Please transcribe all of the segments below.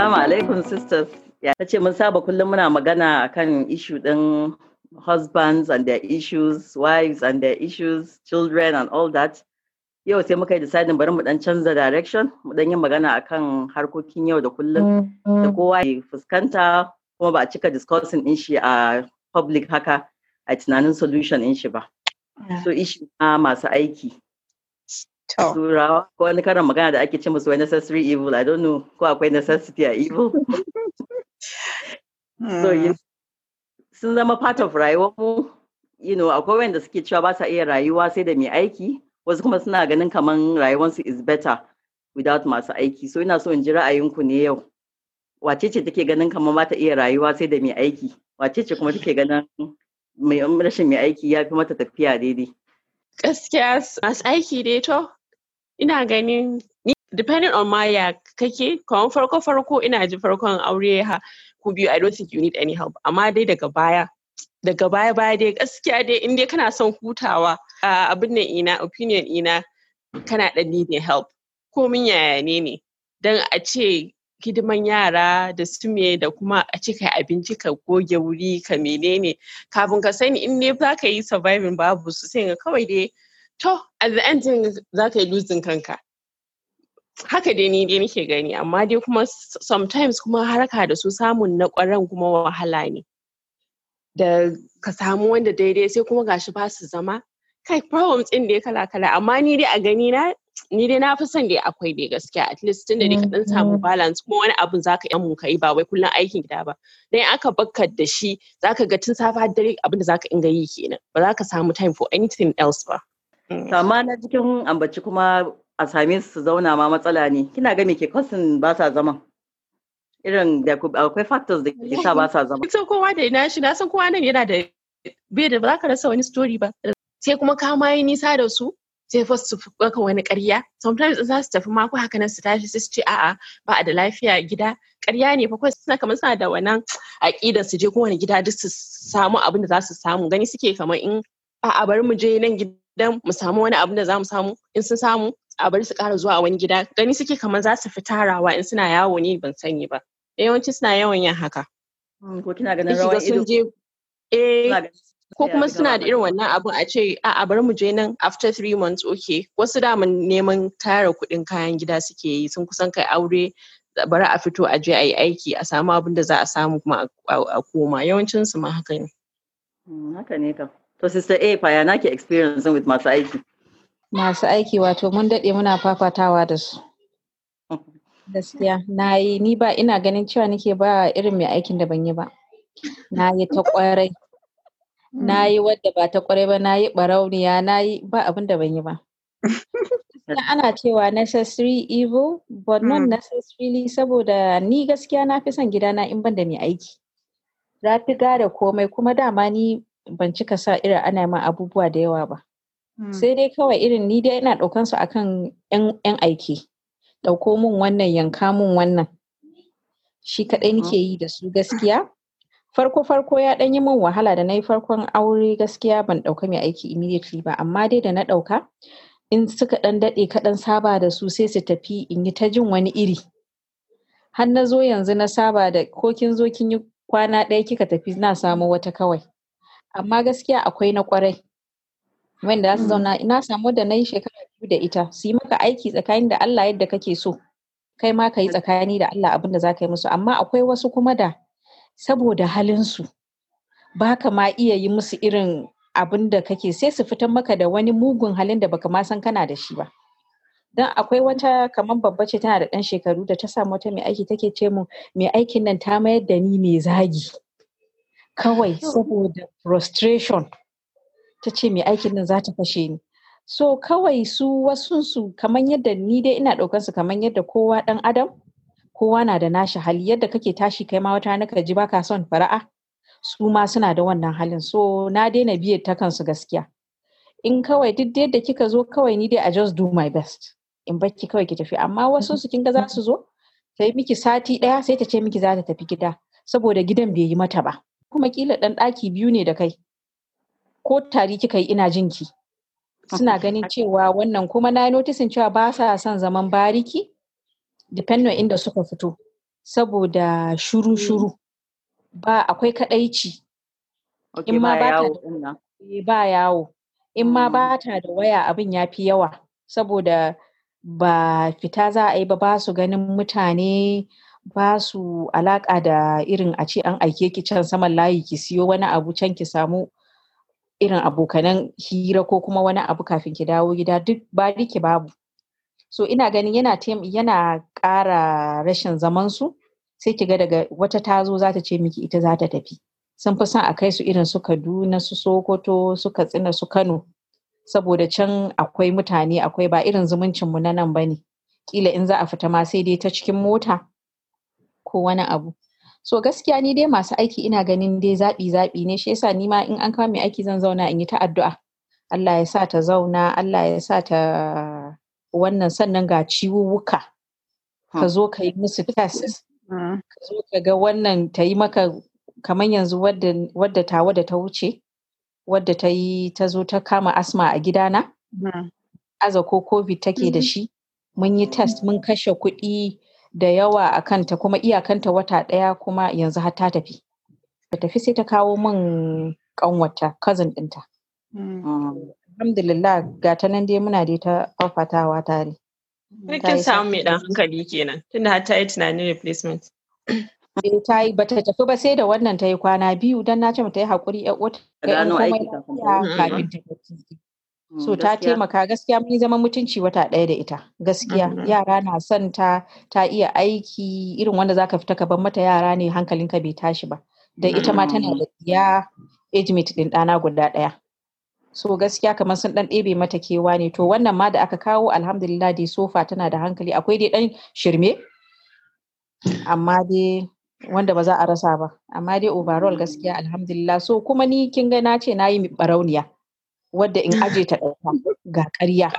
Assalamu alaikum sisters. Ya ce mun saba kullum muna magana akan issue din husbands and their issues, wives and their issues, children and all that. Yau sai muka yi decidin bari mu dan canza direction, mu dan yi magana akan harkokin yau da kullum da kowa ya fuskanta kuma ba a cika discussing din shi a public haka a tunanin solution din shi ba. So issue masu aiki. Turawa ko wani karin magana da ake ce musu wai necessary evil I don't know ko akwai necessity a evil. so hmm. you sun zama part of rayuwar mu you know akwai wanda suke cewa ba sa iya rayuwa sai da mai aiki wasu kuma suna ganin kaman rayuwarsu is better without masu aiki so ina so in ji ra'ayinku ne yau wace ce take ganin kamar ta iya rayuwa sai da mai aiki wace ce kuma take ganin mai rashin mai aiki ya fi mata tafiya daidai gaskiya masu aiki dai to ina ganin depending on my ya kake kawan farko farko ina ji farkon aure ha ku biyu i don't think you need any help amma dai daga baya daga baya baya dai gaskiya dai in dai kana son hutawa abin nan ina opinion ina kana da needing help ko min yaya ne ne dan a ce hidiman yara da su me da kuma a ce kai abinci ka goge wuri ka menene kafin ka sani in ne za ka yi surviving babu su sai ga kawai dai to at the end za ka yi lusin kanka haka dai ni dai nake gani amma dai kuma sometimes kuma haraka da su samun na kwaran kuma wahala ne da ka samu wanda daidai sai kuma gashi ba su zama kai problems ɗin dai kala kala amma ni dai a gani na ni dai na fi son dai akwai dai gaskiya at least tunda dai ka dan samu mm-hmm. balance kuma wani abun zaka yi mun kai ba wai kullum aikin gida ba dan aka bakka da shi zaka ga tun safa dare abin da zaka inga yi kenan ba za ka samu time for anything else ba Eh. amma na jikin ambaci kuma a same su zauna ma matsala ne kina ga me ke kwasin ba sa zaman irin da akwai factors da ke sa ba sa zama ita kowa da ina shi na san kowa nan yana da bai da ba ka rasa wani story ba sai kuma ka ma yi nisa da su sai fa su baka wani ƙarya sometimes za su tafi mako haka nan su tashi su ce a'a ba a da lafiya gida karya ne fa kawai suna kamar suna da wannan aƙidar su je kowane gida duk su samu abin da za su samu gani suke kamar in a'a bari mu je nan gida dan mu samu wani abu da za mu samu in sun samu a bari su ƙara zuwa wani gida gani suke kamar za su fi tarawa in suna yawo ne ban sani ba yawanci suna yawan yin haka eh, ko ido ko kuma suna da irin wannan abun a ce a a bari mu je nan after three months okay wasu da neman tara kuɗin kayan gida suke yi sun kusan kai aure bari a fito a je a yi aiki a samu abin da za a samu kuma a koma yawancin su ma haka ne hmm, haka ne kam To sister A faya na nake experience with masu aiki. Masu aiki wato mun daɗe muna fafatawa da su. Gaskiya na yi ni ba ina ganin cewa nake ba irin mai aikin da ban yi ba. Na yi ta kwarai. Na yi wadda ba ta kwarai ba na yi barauniya na yi ba abin da ban yi ba. ana cewa necessary evil but not hmm. necessarily saboda ni gaskiya na fi son gidana in ban da mai aiki. Za ta gada komai kuma dama ni ban cika sa irin ana ma abubuwa da yawa ba hmm. sai dai kawai irin ni dai ina ɗaukan su akan yan aiki ɗauko mun wannan yanka mun wannan shi kaɗai nike oh. yi da su gaskiya farko farko ya ɗan yi min wahala da na yi farkon aure gaskiya ban ɗauka mai aiki immediately ba amma dai da na ɗauka in suka ɗan daɗe kaɗan saba da su sai su tafi in yi ta jin wani iri har na zo yanzu na saba da ko kin zo kin yi kwana ɗaya kika tafi na samo wata kawai amma gaskiya akwai na kwarai wanda za su hmm. zauna ina samu da na yi shekara biyu da ita su yi maka aiki tsakanin da Allah yadda kake so kai ma ka yi tsakani da Allah abin da za ka yi musu amma akwai wasu kuma da saboda halinsu ba ka ma iya yi musu irin abin da kake sai su fitan maka da wani mugun halin da baka ma san kana da shi ba dan akwai wata kamar babba ce tana da ɗan shekaru da ta samu wata mai aiki take ce mu mai aikin nan ta mayar da ni mai zagi kawai saboda prostration ta ce mai aikin nan za ta fashe ni so kawai su wasunsu kamar yadda ni dai ina ɗaukansu su kamar yadda kowa ɗan adam kowa na da nashi hali yadda kake tashi kai ma wata naka ji baka son fara'a su ma suna da wannan halin so na daina biye ta kansu gaskiya in kawai duk da kika zo kawai ni dai a just do my best in baki kawai ki tafi amma wasu su kinga za su zo ta yi miki sati ɗaya sai ta ce miki za ta tafi gida saboda gidan bai yi mata ba kuma kila ɗan ɗaki biyu ne da kai ko tari kika yi ina jinki suna ganin cewa wannan kuma na yi notisin cewa ba sa son zaman bariki on inda suka fito saboda shuru mm. shuru ba akwai kadaici in ma eh, ba yawo in ma ba mm. ta da waya abin ya fi yawa saboda ba fita za a yi ba ba su ganin mutane ba su alaƙa da irin a ce an aike ki can saman layi ki siyo wani abu can ki samu irin abokanan hira ko kuma wani abu kafin ki dawo gida duk ba ki babu so ina ganin yana yana ƙara rashin zaman su sai ki ga daga wata tazo zo za ta ce miki ita za ta tafi sun fi son a kai su irin su Kaduna su Sokoto su Katsina su Kano saboda can akwai mutane akwai ba irin zumuncin mu na nan bane kila in za a fita ma sai dai ta cikin mota ko wani abu so gaskiya ni dai masu aiki ina ganin dai zaɓi zaɓi ne shi yasa ni ma in an kama mai aiki zan zauna in yi ta addu'a Allah ya sa ta zauna Allah ya sa ta wannan sannan ga ciwuwuka ka zo ka yi musu test ka zo ka ga wannan ta yi maka kamar yanzu wadda ta wadda ta wuce wadda ta yi ta zo ta kama asma a gidana hmm. aza ko covid take da hmm. shi mun yi test mun kashe kuɗi da yawa a kanta kuma iyakanta wata ɗaya kuma yanzu har ta tafi ta tafi sai ta kawo min ƙanwata cousin ɗinta mm. ah. alhamdulillah ga ta nan dai muna dai ta fafatawa tare Rikin samu mai ɗan hankali kenan tunda har ta yi tunanin replacement eh ta yi bata tafi ba sai da wannan ta yi kwana biyu don na ce mata yi haƙuri ƴan uwata ga komai kafin ta tafi Mm, so ta taimaka gaskiya mun zama mutunci wata ɗaya da ita gaskiya mm-hmm. yara na son ta ta iya aiki irin wanda zaka fita ka bar mata yara ne ka bai tashi ba da ita ma tana mm. da ya age din ɗana guda ɗaya so gaskiya kamar sun ɗan ɗebe mata kewa ne to wannan ma da aka kawo alhamdulillah dai sofa tana da hankali akwai dai ɗan shirme amma dai wanda ba za a rasa ba amma dai overall gaskiya alhamdulillah so kuma ni kin ga na ce na yi barauniya wadda in aje ta ɗauka ga ƙarya.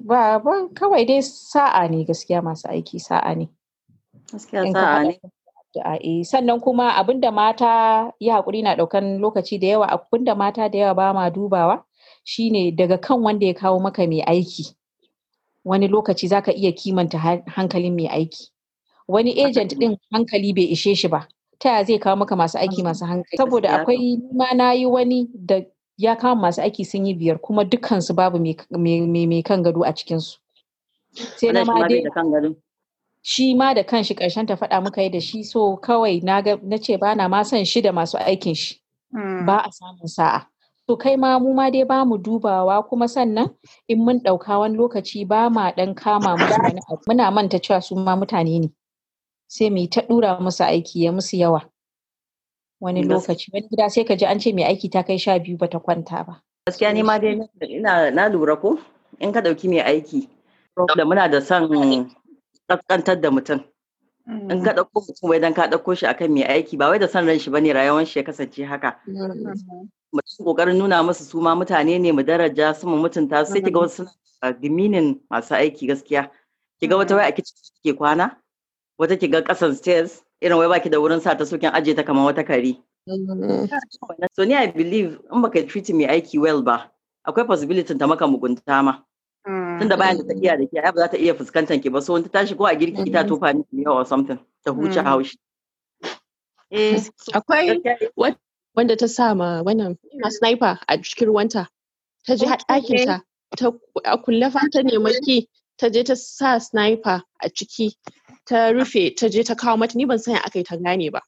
Ba kawai dai sa'a ne gaskiya masu aiki sa'a ne. Gaskiya sa'a ne. Eh. sannan kuma abinda mata ya haƙuri na ɗaukan lokaci da yawa abinda mata da yawa ba ma dubawa shine daga kan wanda ya kawo maka mai aiki wani lokaci zaka iya kimanta hankalin mai aiki wani agent ɗin hankali bai ishe shi ba ta zai kawo maka masu aiki masu hankali saboda akwai ma na yi wani da ya kama masu aiki sun yi biyar kuma dukansu babu mai kan gado a cikinsu. Sai na ma dai shi ma da kanshi karshen ta faɗa muka yi da shi so kawai na ce ba na ma son shi da masu aikin shi hmm. ba a samun sa'a. To kai ma mu ma dai ba mu dubawa kuma sannan in mun ɗauka wani lokaci ba ma ɗan kama muna manta cewa su ma mutane ne. sai mai ta dura musu aiki ya musu yawa wani lokaci wani gida sai ka ji an ce mai aiki ta kai sha biyu bata kwanta ba gaskiya ni ma dai na lura ko in ka dauki mai aiki da muna da son kaskantar da mutum in ka dauko mm. mutum wai dan ka dauko shi akan mai aiki ba wai da son ran shi bane rayuwar shi ya kasance haka mm. mutum kokarin nuna musu su ma mutane ne mu daraja su mu mutunta su sai kiga mm. wasu diminin masu aiki gaskiya kiga wata wai a kicin ke kwana wata ki ga kasan stairs irin wai baki da wurin sa ta sokin aje ta kama wata kari mm. so ni i believe in baka treat me aiki well ba akwai possibility ta maka mugunta ma mm. Tun da bayan da ta iya da ke ba za ta iya fuskantar ki ba so ta tashi ko a girki ta mm-hmm. tofa ni yau or something ta huce mm. haushi eh, akwai wanda ta sa ma wannan sniper a cikin ruwanta ta je ɗakin ta kulle ta nemi ki ta je ta sa sniper a ciki ta rufe ta je ta kawo mata ni ban san aka yi ta gane ba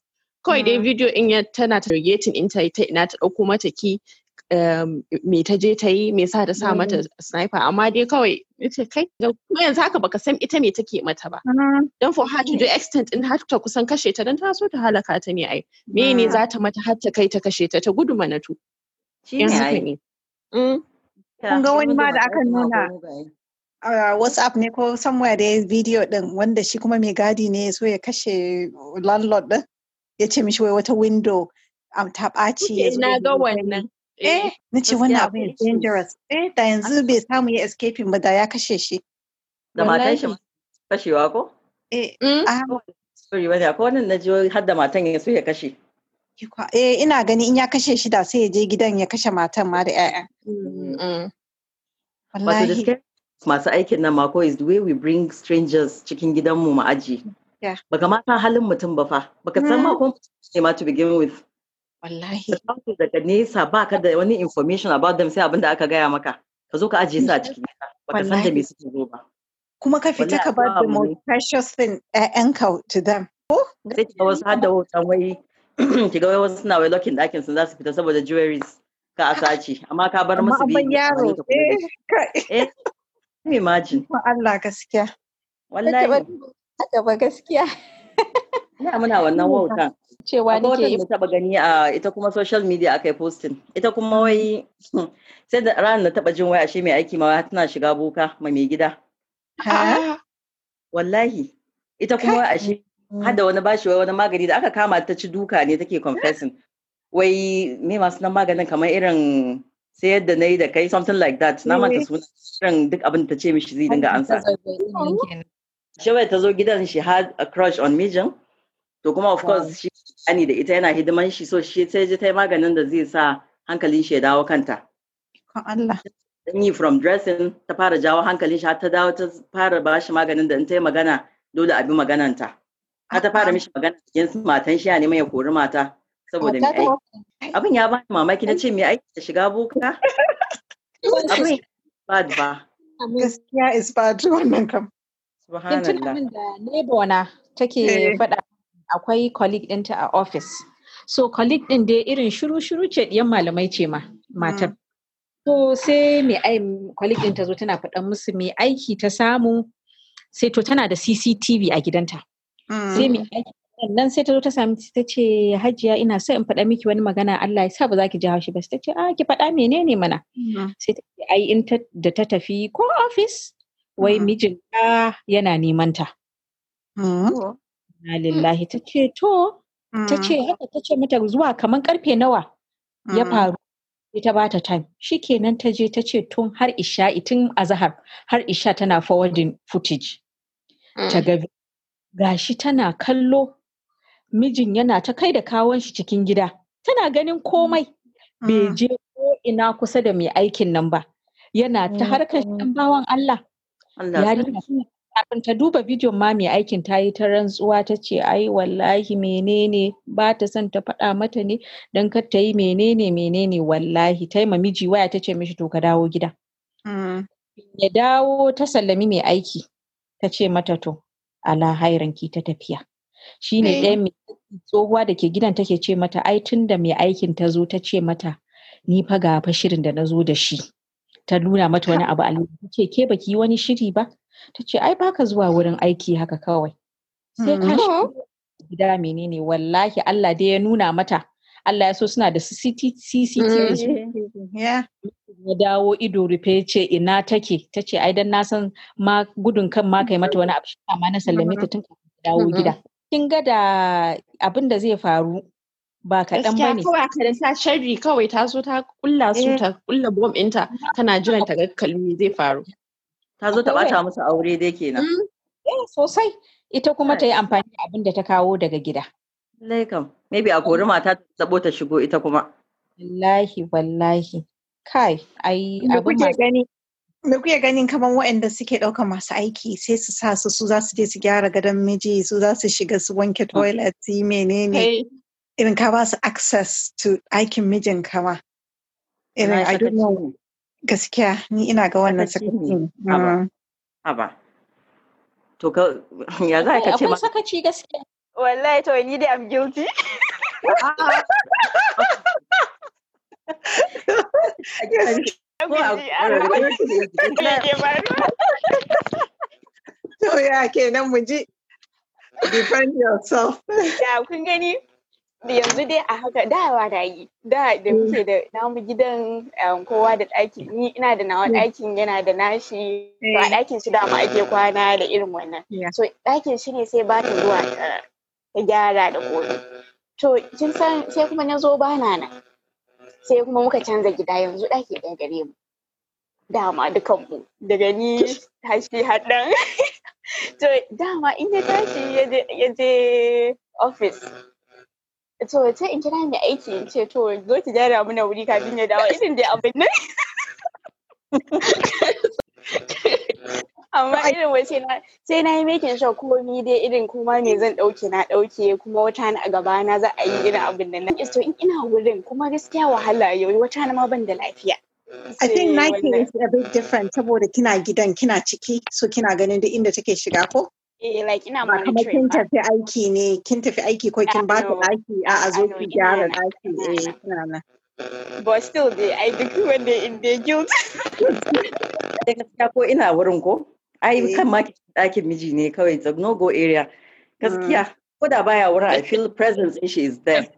kawai dai mm. video in ya tana targeting in ta ta ina ta dauko mata ki um, me ta je ta yi me sa ta sa mata mm. sniper amma dai kawai ita kai kuma yanzu haka baka san ita me take mata ba mm. dan for her to do extent in har ta kusan kashe ta dan ta so ta halaka ta ne ai me ne za ta mata har ta kai ta kashe ta ta gudu manatu shi ne ai kun ga wani ma da aka nuna uh, whatsapp ne ko somewhere da bidiyo din wanda shi kuma mai gadi ne ya so ya kashe landlord din ya ce mishi wai wata window um, ta ɓaci ya zo na ga wannan eh, eh na ce wannan abu is dangerous eh da yanzu bai samu ya escaping ba da ya kashe shi da matan shi kashewa ko eh mm? ah sorry wani ko wannan ji har da matan ya so ya kashe eh ina gani in ya kashe shi da sai ya je gidan ya kashe matan ma da ƴaƴa mm, mm. wallahi masu aikin nan ma is the way we bring strangers cikin gidanmu mu aji baka ma san halin mutum ba fa baka san ma mm. ne ma to begin with wallahi daga nesa baka da wani information about them sai abin da aka gaya maka ka zo ka ajiye su a cikin gida baka san da me suke zo ba kuma ka fita ka bar the most precious thing ƴaƴanka to them sai ki ga wasu har da hoton wai ki ga wasu suna wai lokin ɗakin sun za su fita saboda jewelries ka a sace amma ka bar musu biyu yaro eh imagine. Ma Allah gaskiya. Wallahi. Haka ba gaskiya. Ina muna wannan wautan. Cewa nake yi. da taba gani a ita kuma social media akai posting. Ita kuma mm. wai hmm, sai da ranar na taba jin wai ashe mai aiki ma tana shiga boka ma mai gida. Ha? Wallahi. Ita kuma wai ashe mm. da wani bashi wai wani magani da aka kama ta ci duka ne take confessing. Wai me masu nan maganin kamar irin sayar da na yi da kai something like that na mata eh. sunan shirin duk abin da ta ce mishi zai dinga ansa shawai ta zo gidan shi had a crush on mijin to kuma of course shi ani da ita yana hidiman shi so shi sai ji ta maganin da zai sa hankalin shi ya dawo kanta Allah yi from dressing ta fara jawo hankalin shi har ta dawo ta fara ba shi maganin da in ta yi magana dole a bi ta har ta fara mishi magana against matan shi ya neman ya kori mata saboda mai aiki abin ya bani mamaki na ce mai aiki ta shiga boka abin bad ba gaskiya is bad wannan kam subhanallah da neighbor na take eh. faɗa akwai colleague ɗinta a office so colleague ɗin dai irin shiru-shiru ce ɗiyan malamai ce ma matar mm. so sai mai colleague ɗin ta zo tana faɗa musu mai aiki ta samu sai to tana da cctv a gidanta mm. sai mai aiki sannan sai ta zo ta sami ta ce hajiya ina so in faɗa miki wani magana Allah ya sa ba za ki ji haushi ba ta ce a ki faɗa menene mana mm. sai ta ce ai in da ta tafi ko ofis wai mm. mijin ka yana neman ta mm. oh. lillahi ta ce to ta ce haka ta ce mata zuwa kamar karfe nawa ya faru sai ta bata time shikenan ta je ta ce tun har isha tun azahar har isha tana forwarding footage ta gabi gashi tana kallo mijin yana ta kai da kawon shi cikin gida tana ganin komai mm. bai mm. je ko ina kusa da mai aikin nan ba yana ta mm. harkar shan Allah ta duba bidiyon ma mai aikin ta yi ta rantsuwa ta ce ai wallahi menene ba ta son ta faɗa mata ne don kar ta yi menene menene wallahi ta yi ma miji waya ta ce mishi to ka dawo gida ya dawo ta sallami mai aiki ta ce mata to ala hairanki ta tafiya shine eh. ɗaya mai tsohuwa da ke gidan take ce mata ai tun da mai aikin ta zo ta ce mata ni fa ga fa shirin da na zo da shi ta nuna mata wani abu a ta ce ke baki wani shiri ba ta ce ai baka zuwa wurin aiki haka kawai sai ka mm-hmm. gida menene wallahi Allah dai ya nuna mata Allah ya so suna da CCTV mm-hmm. ya dawo ido rufe ce ina take ta ce ai dan na san ma gudun kan ma kai mata wani abu shi amma na sallame ta mm-hmm. tun dawo gida kin ga da abin da zai faru ba kaɗan ba ne. Gaskiya kawai ta sharri kawai ta zo ta kulla su eh. ta kulla bom ɗinta tana jiran ta ga kalmi zai faru. Ta zo ta bata musu aure dai kenan. Mm, eh sosai ita kuma ta yi amfani da abin da ta kawo daga gida. Laikam, maybe a gori mata ta sabo ta shigo ita kuma. Wallahi wallahi. Kai, ai abin kuke gani Me kuya ganin kamar waɗanda suke ɗauka masu aiki sai su sa su su za su je su gyara gadon miji su za su shiga su wanke mm. toilet su yi menene irin ka ba su access to aikin mijin kama irin I don't know gaskiya ni ina ga wannan sakaci mm. haba to ka ya za ka ce ma sakaci gaskiya wallahi to ni dai am guilty To ya kenan mu ji. Defend yourself. Ya kun gani? da yanzu dai a haka da dawa na yi da da muke da namu gidan um, kowa da ɗaki ni ina da nawa mm. ɗakin yana da nashi to eh. a ɗakin shi dama ake kwana da irin wannan so ɗakin shi ne sai ba ta zuwa ta gyara da komai to kin san sai kuma na zo ba na nan sai kuma muka canza gida yanzu ɗaki ɗaya gare mu dama dukanmu daga ni tashi haɗan to dama in ya tashi ya je office to sai in kira mai aiki in ce to zo ki gyara mana wuri kafin ya dawo irin dai abin nan amma irin wace na sai na yi mekin sha komi dai irin kuma me zan dauke na dauke kuma wata na a gaba na za a yi irin abin da to in ina wurin kuma gaskiya wahala yau wata na ma ban da lafiya I think Nike is a bit different saboda kina gidan kina ciki so kina ganin duk inda take shiga ko? Eh like ina monitoring. Kuma kin tafi aiki ne, kin tafi aiki ko kin ba ta aiki a a zo ki gyara aiki eh kina nan. But still dai I when they in the guilt. Da gaskiya ko ina wurin ko? ai eh. kan ma ɗakin miji ne kawai it's a no go area Because yeah, mm. ko I buy wurin i feel presence in she is there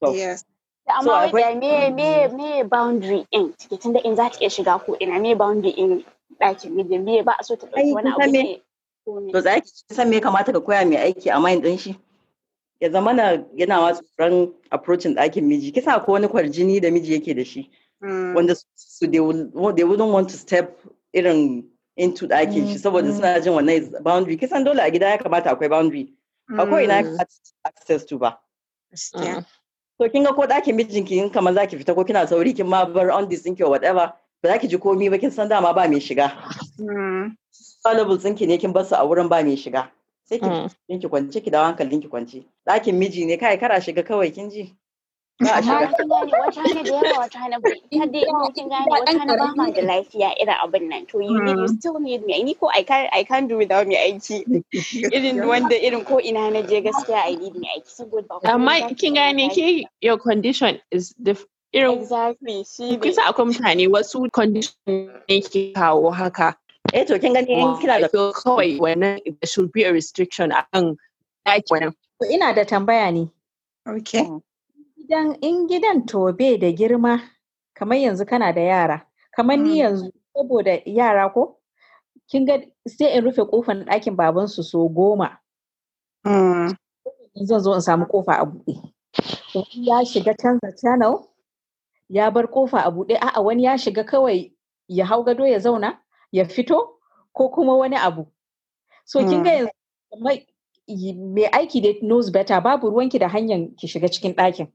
so, yes amma so me me me boundary in ciki tunda in za ta iya shiga ko ina me boundary in ɗakin miji me ba a so ta ɗauki wani abu ne to za ki san me kamata ka koya I aiki a mind din shi ya zama na yana ma tsoron approaching ɗakin miji kisa ko wani kwarjini da miji yake da shi mm. wanda su they wouldn't want to step irin into ɗakin shi saboda suna jin wannan boundary kisan dole a gida ya kamata akwai boundary akwai ina mm. access to ba mm. to kin ga ko ɗakin mijinki in kamar zaki fita ko kina sauri kin ma bar on this thing or whatever ba za ki ji komi ba kin san dama ba mai shiga mm. valuables ɗinki ne kin bar su a wurin ba mai shiga sai ki kwance ki dawo hankalin ki kwance ɗakin miji ne kai kara shiga kawai kin ji to you need you hmm. still need me ni ko I can I can do without me aiki irin wanda irin ko ina na je gaskiya I need me aiki saboda ba amma kin gane your condition is different exactly shi kisa mutane wasu condition ne ke kawo haka eh to kin gani in kina da kawai wannan there should be a restriction akan daki wannan ina da tambaya ne okay hmm. gidan in gidan to bai da girma kamar yanzu kana da yara kamar ni mm. yanzu saboda yara ko kin ga sai in rufe kofan ɗakin baban su so goma mm. zan zo in samu kofa a buɗe wani ya shiga canza channel ya bar kofa a buɗe a'a wani ya shiga kawai ya hau gado ya zauna ya fito ko kuma wani abu so kin ga mm. yanzu mai aiki da knows better babu ruwanki da hanyar ki shiga cikin ɗakin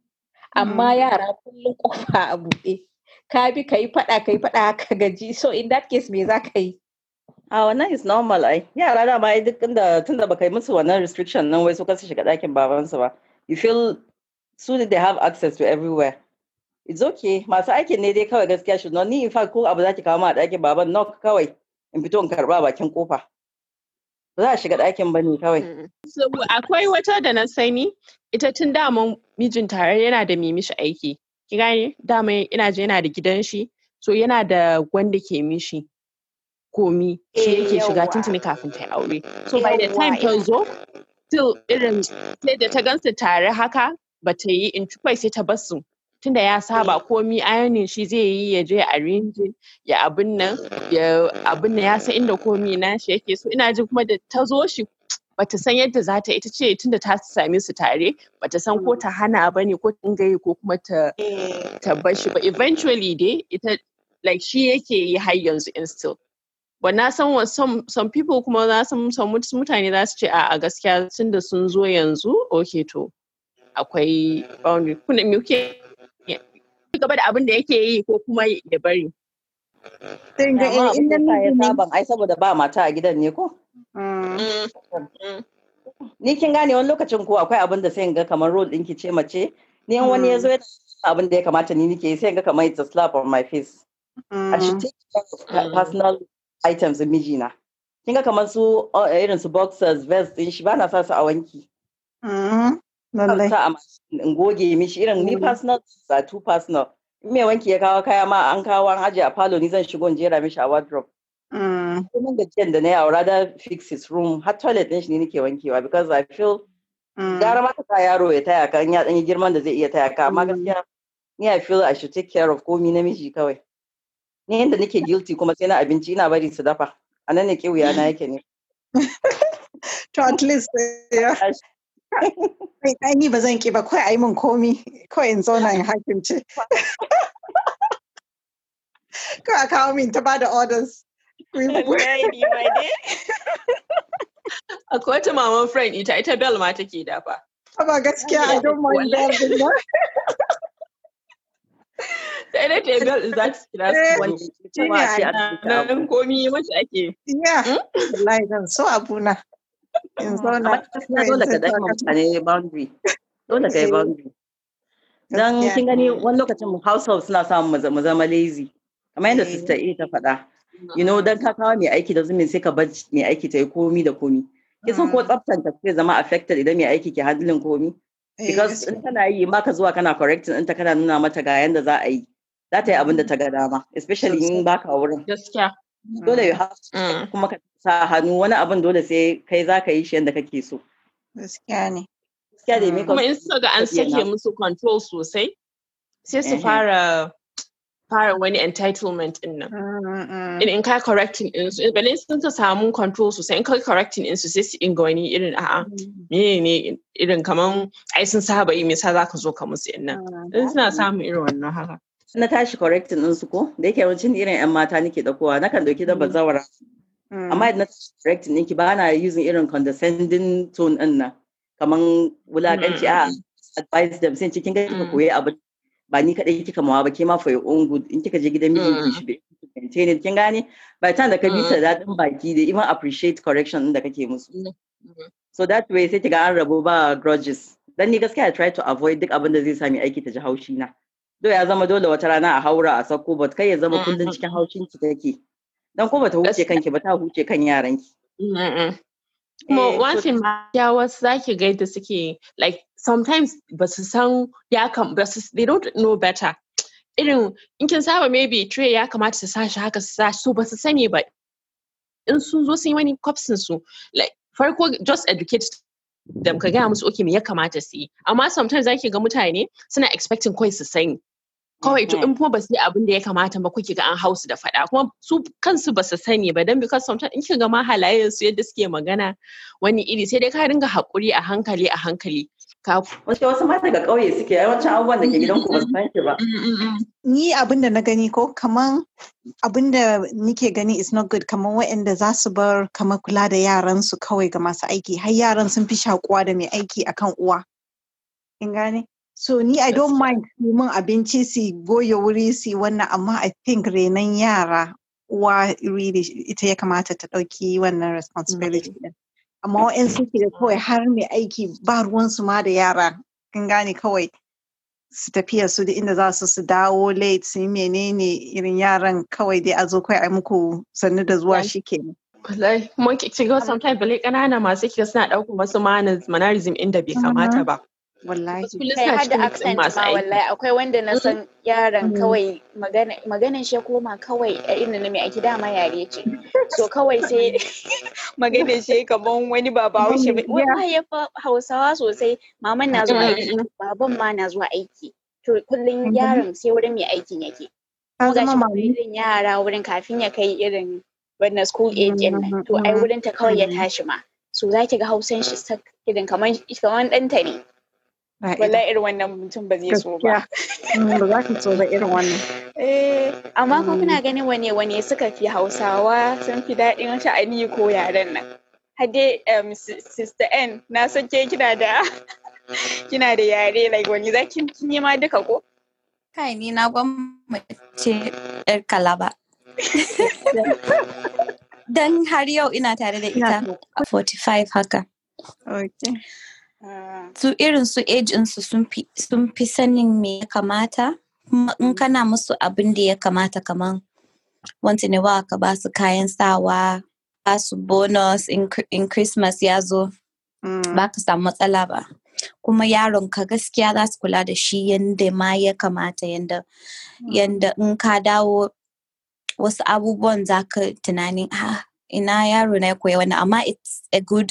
amma mm. yara kullum kofa a buɗe ka bi ka yi faɗa ka yi faɗa ka gaji so in that case me za ka yi a wannan is normal ai yara dama ai duk inda tun da baka yi musu wannan restriction nan wai su kasu shiga ɗakin babansu ba you feel so that they have access to everywhere it's okay masu aikin ne dai kawai gaskiya shi ni in fact ko abu zaki kawo ma a ɗakin baban knock kawai in fito in karba bakin kofa ba za a shiga ɗakin ba ne kawai. Akwai wata da na sani ita tun daman mijin tare yana da mai mishi aiki. Ki gane dama ina je yana da gidan shi so yana da wanda ke mishi komi shi eh, yake shiga tuntuni kafin ta yi aure. So by the time ta zo still irin sai da ta gansu tare haka ba ta yi in sai ta basu tunda ya saba komi ironing shi zai yi ya je rinji ya abin nan ya abin ya san inda komi na shi yake so ina ji kuma da ta zo shi bata san yadda za ta ita ce tunda ta same su tare bata san ko ta mm. hana ba ne ko ta yi ko kuma ta mm. ta bar shi ba eventually dai ita like shi yake yi har yanzu in still but na san some some people kuma na san some mutane za su ce a gaskiya tunda sun zo yanzu okay to akwai boundary kuna me kuke gaba da abin da yake yi ko kuma ya bari. Sun ga eh, in sabon, saboda ba mata a gidan ne ko? Mm. Ni kin gane wani lokacin ko akwai abin da sai ga kamar role ɗinki ce mace, ni wani ya zo mm. ya abin da ya kamata ni nike sai ga kamar it's a slap on my face. A shi take personal items mijina. Kin ga kamar su oh, irin su boxers, vest din shi ba na sa su a wanki. Mm. lallai in goge mishi irin ni personal za tu personal in wanki ya kawo kaya ma an kawo an aje a falo ni zan shigo in jera mishi a wardrobe kuma mm. gajiyan da na I would rather fix his room har toilet din shi ne nake wankewa because I feel mm. gara ma ka yaro ya taya ka ya dan girman da zai iya taya ka amma mm. gaskiya ni I feel I should take care of komi namiji kawai ni yanda nake guilty kuma sai na abinci ina bari su dafa anan ne kiwuya na yake ne to at least yeah. Ai, ba zan ki ba, kawai a yi min komi, kawai in zauna in hakimci. Kawai a kawo min ta bada da orders. Akwai wata maman friend ita, ita Bell ma take dafa. Ba gaskiya, a don mind Bell din nan. Sai dai ta Bell is that class one. Ita ma a nan komi mace ake. Yeah, hmm? wallahi zan so abuna. zauna don eh. kin gani wani lokacin household suna samun mu zama lazy kamar yadda eh. sister A ta faɗa you know dan ka kawo mai aiki da zumin sai ka bar mai aiki ta yi komi da komi ki san ko mm. tsaftanta zai zama affected idan mai aiki ke handling komi eh, because in kana yi ma ka zuwa kana correcting in ta kana nuna mata ga yanda za a yi za ta yi abin da mm. ta ga dama especially in baka wurin gaskiya dole you mm. have kuma ka sa hannu wani abin dole sai kai za ka yi shi yadda kake so. Gaskiya ne. Gaskiya da me mm. Kuma in suka ga an sake musu control sosai, sai su fara fara wani entitlement din nan. In in ka correcting din su, balin sun ta samu control sosai, in ka correcting din su sai su inga wani irin a'a mm. mene ne irin kaman ai sun saba yi me za ka zo ka musu din nan. Mm, in suna samun irin wannan haka. na tashi correcting su ko da yake wancan irin 'yan mata nake ɗaukowa na kan ɗauki da bazawara I might mm. not correct ɗinki ba na using irin condescending tone ɗin nan. wala wulaƙanci mm. a ah, advise them sai cikin ga kika mm. koyi abu ba ni kaɗai kika mawa ba ke for your own good in kika je gidan mijin ki shi maintain it kin gane by time da ka bisa daɗin baki da even appreciate correction ɗin da kake musu. So that way sai kiga an rabu ba grudges. then ni gaskiya I try to avoid duk abanda da zai sami aiki ta ji haushi do ya zama dole wata rana a haura a sako but kai ya zama kullum cikin haushin ki take dan ko bata huce kanki ba ta huce kan yaranki kuma eh, one ma ya wasu zaki ga yadda suke like sometimes ba su san ya kam ba su they don't know better irin in kin saba maybe tray ya kamata su sa shi haka su sa su ba su sani ba in sun zo sun yi wani kwafsin su like farko just educate them ka gaya musu okay me ya kamata su yi amma sometimes za ki ga mutane suna expecting kawai su sani kawai to mm-hmm. in kuma ba sai yi abin da ya kamata ba kuke ga an hausu da faɗa kuma su kansu ba su sani ba don because sometimes in ga ma halayen su yadda suke magana wani iri sai dai ka dinga haƙuri a hankali a hankali wasu wasu ma daga ƙauye suke yawancin abubuwan da ke mm-hmm. gidan ku ba su san ba mm-hmm. ni abin da na gani ko kaman abin da nike gani is not good kaman waɗanda za su bar kamar kula da yaran su kawai ga masu aiki har yaran sun fi shakuwa da mai aiki akan uwa in gane So ni I don't mind mun abinci su goya wuri si wannan amma I think renan yara uwa really ita ya kamata ta ɗauki wannan responsibility din. Mm. Amma wa'in suke da kawai har mai aiki ba ruwansu ma da yara kan gane kawai su tafiya su da inda za su su dawo late su yi menene irin yaran kawai dai a zo kawai a muku sannu da zuwa shi ke Wallahi, mun ki ga sometimes bale ƙanana masu kira suna ɗaukar wasu mannerism inda bai uh-huh. kamata ba. wallahi kai hada accent ma wallahi akwai wanda na san mm. yaran mm. kawai magana maganan shi koma kawai a inda na mai aiki dama yare ce so kawai sai maganan shi kaman wani baba haushe wallahi ya fa hausawa sosai maman na zuwa mm. aiki baban ma na zuwa aiki to kullum mm-hmm. yaron sai wurin mai aikin yake kuma ga irin yara wurin kafin ya kai irin wannan school age nan to ai mm-hmm. wurin ta kawai ya mm-hmm. tashi ma so zaki ga hausan shi sak irin kaman kaman danta ne Wala irin wannan mutum ba zai so ba. Mm, ba za ka so ba irin wannan. Eh, amma ko kuna mm. ganin wane wane suka fi Hausawa sun fi daɗin sha'ani ko yaren nan. Hade um, Sister N na san ke kina da kina da yare like wani za kin yi ma duka ko? Kai ni na gwammace ƴar kalaba. Dan har yau ina tare da ita 45 haka. Okay. su irin su ejinsu sun fi sanin me ya kamata in kana musu abin da ya kamata kaman wanti ne wa ka ba su kayan sawa ba su bonus in, christmas ya zo mm. ba ka samu matsala ba kuma yaron ka gaskiya za su kula da shi yadda ma ya kamata yadda mm. yadda in ka dawo wasu abubuwan za ka tunanin ah ina yaro na ya koya wani amma it's a good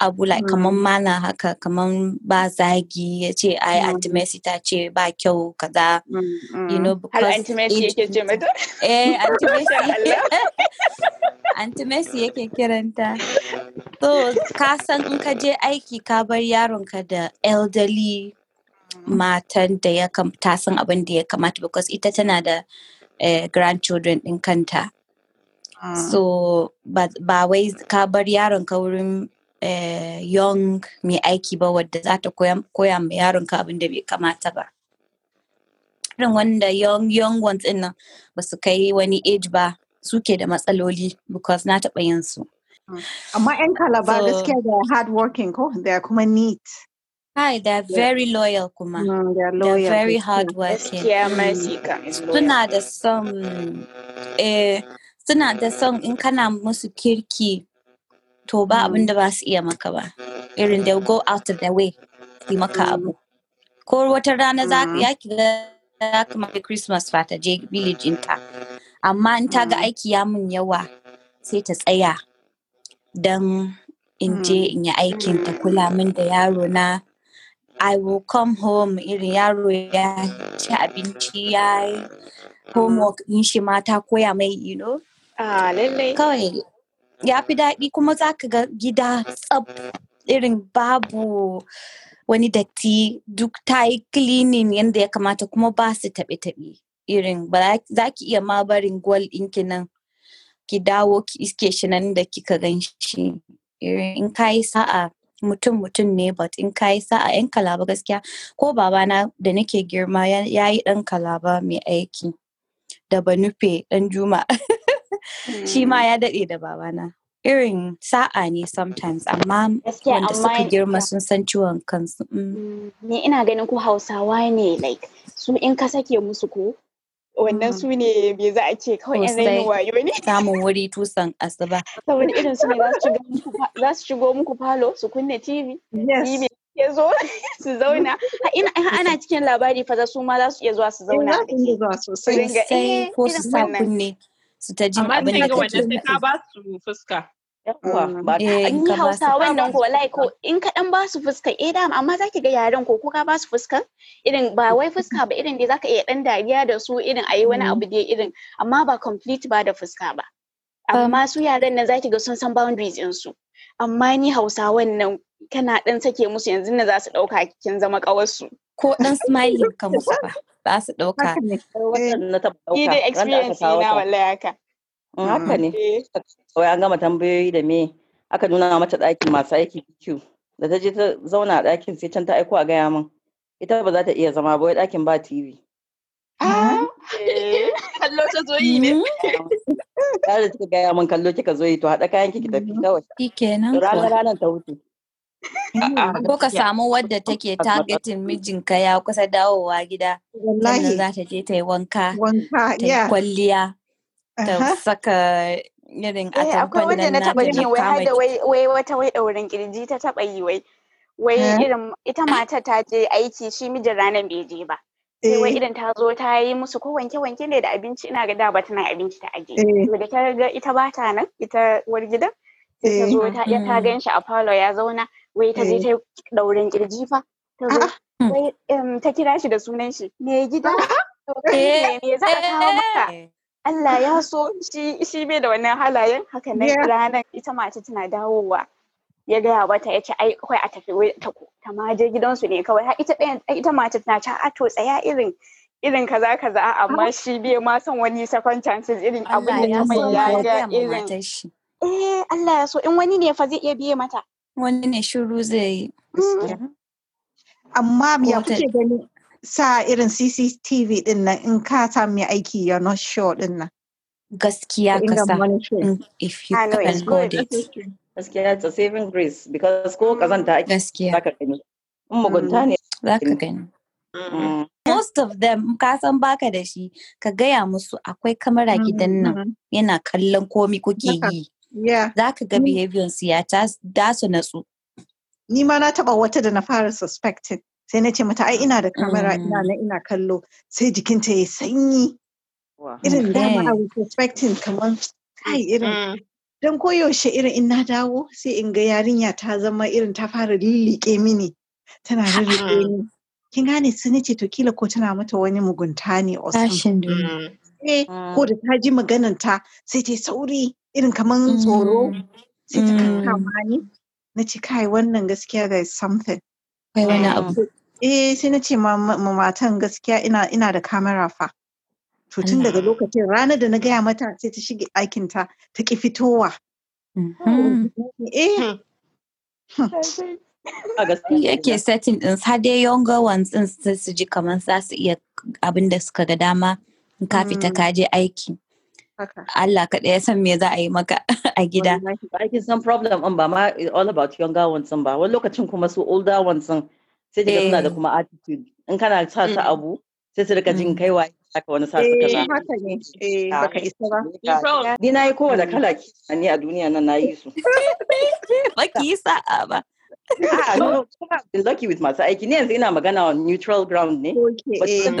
abu like kamar mm. mana haka kamar ba zagi ya ce ai antimesi mm. ta ce ba kyau kaza mm, you know because antimesi yake ce mata eh antimesi antimesi yake kiranta so ka san in ka je aiki ka bar yaronka da elderly matan da ya ta san abin da ya kamata because ita tana da eh, grandchildren din kanta ah. so ba wai ka bar yaron ka wurin Eh, young mai aiki ba wadda za ta koya ma yaronka abin da bai kamata ba irin wanda young young ones din nan ba su kai wani age ba suke da matsaloli because na taɓa yin su hmm. amma yan kalaba gaskiya da hard working ko are kuma neat Hi, are very loyal kuma. Mm, are loyal. are very hard working. Hmm. Suna da son eh suna da son in kana musu kirki to ba mm. abin da ba su iya maka ba irin da go out of their way su maka abu ko wata rana za mm. ya ki ga kamar christmas fa ta je village ta amma in ta ga mm. aiki ya mun yawa sai ta tsaya don in je in yi aikin ta kula min da yaro na I will come home irin yaro ya ci abinci ya yi. homework in shi mata koya mai you know. Ah, lallai. Kawai ya fi daɗi kuma za ka ga gida tsab irin babu wani datti duk ta yi cleaning yadda ya kamata kuma ba su taɓe-taɓe irin ba za ki iya ma barin gwal ɗinki nan ki dawo ki iske shi nan da kika gan shi irin in ka yi sa'a mutum mutum ne but in ka yi sa'a yan kalaba gaskiya ko babana da nake girma ya yi ɗan kalaba mai aiki da ba banufe ɗan juma shi ma mm. ya daɗe da babana irin sa'a ne sometimes amma wanda suka girma sun san ciwon kansu mm. mm, ne ina ganin ko hausawa ne like su in ka sake musu ko wannan su ne bai za a ce kawai yan raini wayo ne samun wuri tusan asuba saboda irin su ne za su shigo muku falo su kunne tv tv ya zo su zauna ana cikin labari fa su ma za su iya zuwa su eh, zauna sosai eh, ko su sa kunne su ta ji abin da kake amma sai ka mm. ba su fuska eh, in yi hausa wannan ko wallahi ko in ka dan basu fuska eh da amma zaki ga yaren ko ko ka basu fuska irin ba wai fuska ba irin dai zaka iya dan dariya da su irin ayi wani mm. abu da irin amma ba complete ba da fuska ba amma um. su yaren nan zaki ga sun san boundaries din su amma ni hausa wannan kana dan sake musu yanzu na za su dauka kin zama kawarsu ko dan smiling ka musu ba ba su dauka eh, Ni da experience na wallahi haka. Mm. Haka ne. Eh. Wai an gama tambayoyi da me aka nuna mata daki masu aiki BQ da ta je ta zauna a ɗakin sai can ta aiko a gaya min ita ba za ta iya zama ba wai dakin ba TV. Ah, eh. Kallo ta zo yi ne. Hmm? da ta gaya min kallo kika zo yi to haɗa kayan kiki tafi hmm. kawai. Ranar ranar ta wuce. Ko ka samu wadda take targetin mijinka ya kusa dawowa gida. Wallahi. za ta je ta yi wanka. Wanka, Ta yi kwalliya. Ta saka irin eh, atamfan nan na ta taɓa yi wai wai wata wai ɗaurin kirji ta taɓa yi wai. Wai irin ita mata ta je aiki shi mijin ranar bai je ba. sai wai eh. irin ta zo ta yi musu ko wanke wanke ne da abinci ina ga da ba tana abinci ta aje eh. to da ta ga ita ba ta nan ita war gidan sai ta zo ta ya ta mm. gan shi a falo ya zauna wai ta je eh. ta yi dauren kirji fa ta zo hmm. ta kira shi da sunan shi me gida eh, me za ka kawo maka eh. Allah ya so shi shi bai da wannan halayen haka nan ranar ita mace tana dawowa ya gaya mata ya ce ai kawai a tafi wai ta ta ma je gidansu ne kawai ita ɗayan ita mace tana ta a to tsaya irin irin kaza kaza amma shi bai ma son wani second chances irin abin da mai ya ga irin eh Allah ya so in wani ne fa zai iya biye mata wani ne shiru zai yi mm. amma ya kuke gani sa irin cctv din nan in ka ta mai aiki ya not sure din nan gaskiya kasa if you can hold it gaskiya it's a saving grace because ko kazanta ake gaskiya zaka gani in mugunta mm, ne zaka gani mm. most of them ka san baka da shi ka gaya musu akwai kamera gidan mm-hmm, nan mm-hmm. yana kallon komi kuke yi za ka ga behavior ya ta su natsu ni ma na taba wata da na fara suspected. sai na ce mata ai ina da kamera mm. ina na ina kallo sai jikinta ya sanyi irin dama a suspecting kamar kai irin mm. don koyaushe irin in na dawo sai in ga yarinya ta zama irin ta fara lillike mini tana lilliƙe ni kin gane ne ce to kila ko tana mata wani mugunta ne mm. eh, ko da ta ji maganan ta sai ta sauri irin kaman tsoro mm. sai ta mm. kama ni na ce kai wannan gaskiya da something kai wani eh, abu eh sai na ce ma matan gaskiya ina ina da kamera fa to tun daga lokacin ranar da na gaya mata sai ta shige aikinta ta ta ki fitowa mm-hmm. eh yake hmm. setting din sa dai younger ones din su ji kamar za su iya abin da suka ga dama in ka fita mm. ka je aiki Allah kaɗa ya san me za a yi maka a gida. Aikin san problem ɗin ba ma all about younger ones ba wani lokacin kuma su older ones sai da suna da eh. kuma attitude in kana sa ta mm. abu sai su rika jin mm. kaiwa haka wani sa suka za. Eh, haka ne, eh, baka isa ba. Ni na yi kowane kala ni a duniya nan na yi su. Baki sa'a ba. Ah, lucky with masu aiki Ni yanzu ina magana on neutral ground ne. Masu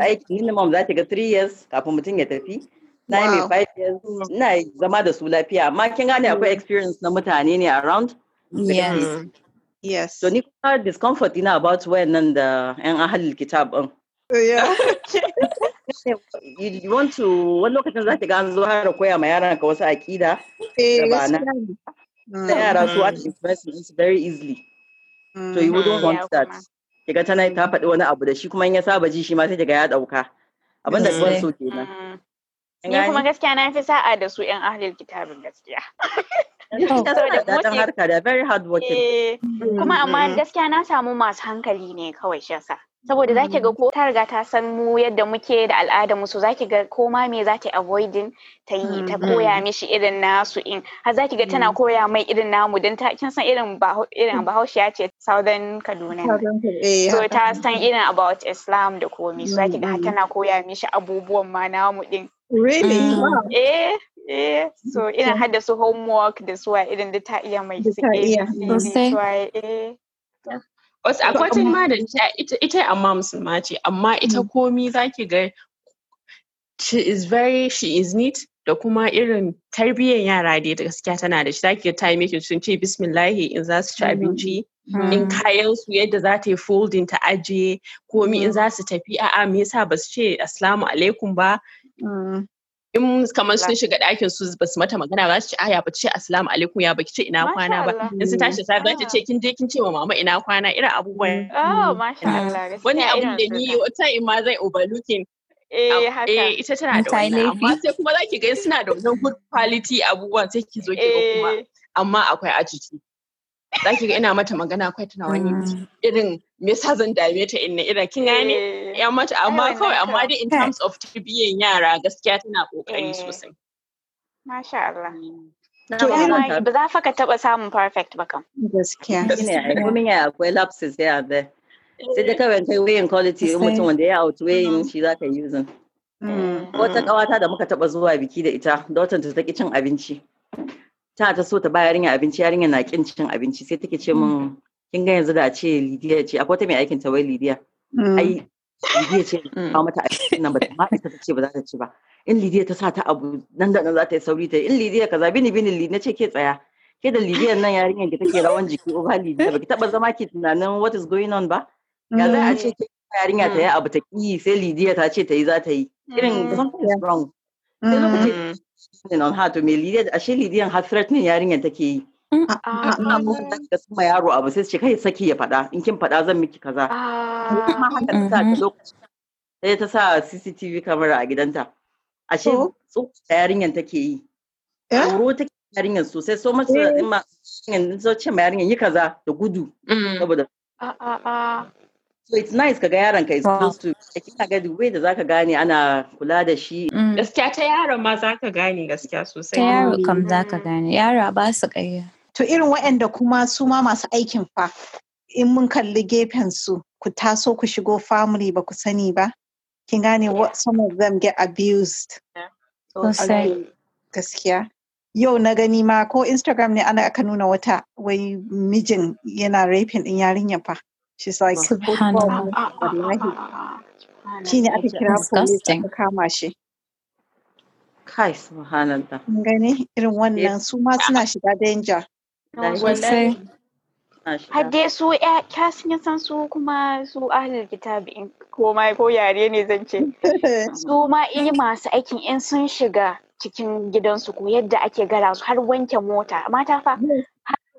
aiki minimum za ta ga three years kafin mutum ya tafi. wow. 95 years ina zama da su lafiya amma kin gane hmm. akwai experience na mutane around yes yes so you have discomfort ina about when and the ahalil kitab oh, yeah you want to wani look at the ga an zo har koya ma yaran ka wasu akida eh, da ba na hmm. yara su ake hmm. very easily so you wouldn't want that kiga tana ta faɗi wani abu da shi kuma in ya saba ji shi ma sai kiga ya ɗauka abin da ban so kenan Ni kuma gaskiya na fi sa'a da su 'yan ahlil kitabin gaskiya. Kuma eh, mm-hmm. amma gaskiya na samu masu hankali ne kawai shi Saboda za ki ga mm-hmm. ko ta riga ta san mu yadda muke da al'ada mu za ki ga ko ma me za ki avoidin ta yi ta mm-hmm. koya mishi irin nasu in har za ki ga tana koya mai irin namu don ta kin san irin irin bahaushiya ce southern Kaduna. Eh, so ta san irin about Islam da komi so za ki ga tana koya mishi abubuwan ma namu din. Really? Mm. Eh, eh. So mm. ina hada su homework da suwa irin da ta iya mai su sosai. Eh. Wasu akwatin ma da ita a moms ma ce, amma ita mm. komi za ki ga she is very she is neat da kuma irin tarbiyyar yara dai da gaskiya tana da shi za ki ga yi make sun ce bismillahi in za su ci abinci in kayan su yadda za ta yi folding ta ajiye komi in za su tafi a'a me yasa ba su ce assalamu alaikum ba Mm. in kamar sun shiga ɗakin su ba su mata magana ba su ce aya ba ce assalamu alaikum ya baki ce ina kwana ba in sun tashi ta ba ah. ta ce kin je kin ce wa mama ina kwana irin abubuwan mm. oh, mm. wani abun da ni wata ma zai overlooking Eh, haka. Eh, ita tana da wannan amma sai kuma za ki ga suna da wannan good quality abubuwan sai ki zo ki ga kuma eh. amma akwai a za ki ga ina mata magana kai tana wani mm. irin me yasa zan dame ta inna irin kin gane eh. ya mata amma kawai amma dai in terms of tarbiyyar yara gaskiya tana kokari eh. sosai masha Allah mm. ba za fa ka taba samun perfect ba kam gaskiya Kuma ya akwai lapses ya da sai da kawai kai wayin quality in mutum wanda ya out outweighing mm-hmm. shi za ka yi using mm. wata kawata da muka taba zuwa biki da ita dotan ta ki cin abinci tana ta so ta ba yarinya abinci yarinya na kin cin abinci sai take ce min mm. kin ga yanzu da a ce Lidiya ce akwai ta mai aikin ta wai Lidiya mm. ai Lidiya ce ba mm. mata aikin nan ba ta mata ta ce ba za ta ci ba in Lidiya ta sa ta abu nan da nan za ta yi sauri ta in Lidiya ka kaza bini bini Lidiya ce ke tsaya ke da Lidiya nan yarinyar ki take rawan jiki ba Lidiya ba ki taba zama ki tunanin what is going on ba ya za a ce ke yarinya ta yi abu ta ki sai Lidiya ta ce ta yi za ta yi irin something is wrong sai lokacin on her to me lidiya ashe lidiyan har threatening yarinyar take yi Ina mun da ma yaro abu sai ce kai saki ya faɗa in kin faɗa zan miki kaza. Ah. Kuma haka ta sa ta mm-hmm. lokaci sai ta sa CCTV camera a gidanta. Ashe oh. tsoka yarinyar take yi. Tsoro eh? take yarinyar sosai so much eh. in ma yarinyar so ce ma yarinyar yi kaza da gudu mm. saboda ah, ah, so it's nice kaga yaron ka is close to kina ga the way da zaka gane ana kula da shi mm. gaskiya ta yaron ma zaka gane gaskiya sosai ta mm. yaro kam zaka mm. gane yaro ba su kaiya to irin waɗanda kuma su ma masu aikin fa in mun kalli gefen su ku taso ku shigo family ba ku sani ba kin gane what some of them get abused sosai gaskiya yau na gani ma ko instagram ne ana aka nuna wata wai mijin yana raping din yarinya fa she's like subhanallah wallahi shine aka kira police aka kama shi kai subhanallah gani irin wannan su ma suna shiga danger har dai su ya sun san su kuma su ahlul kitabi ko Koma ko yare ne zan ce su ma iya eh, masu aikin in sun shiga cikin gidansu ko yadda ake gara su har wanke mota mata fa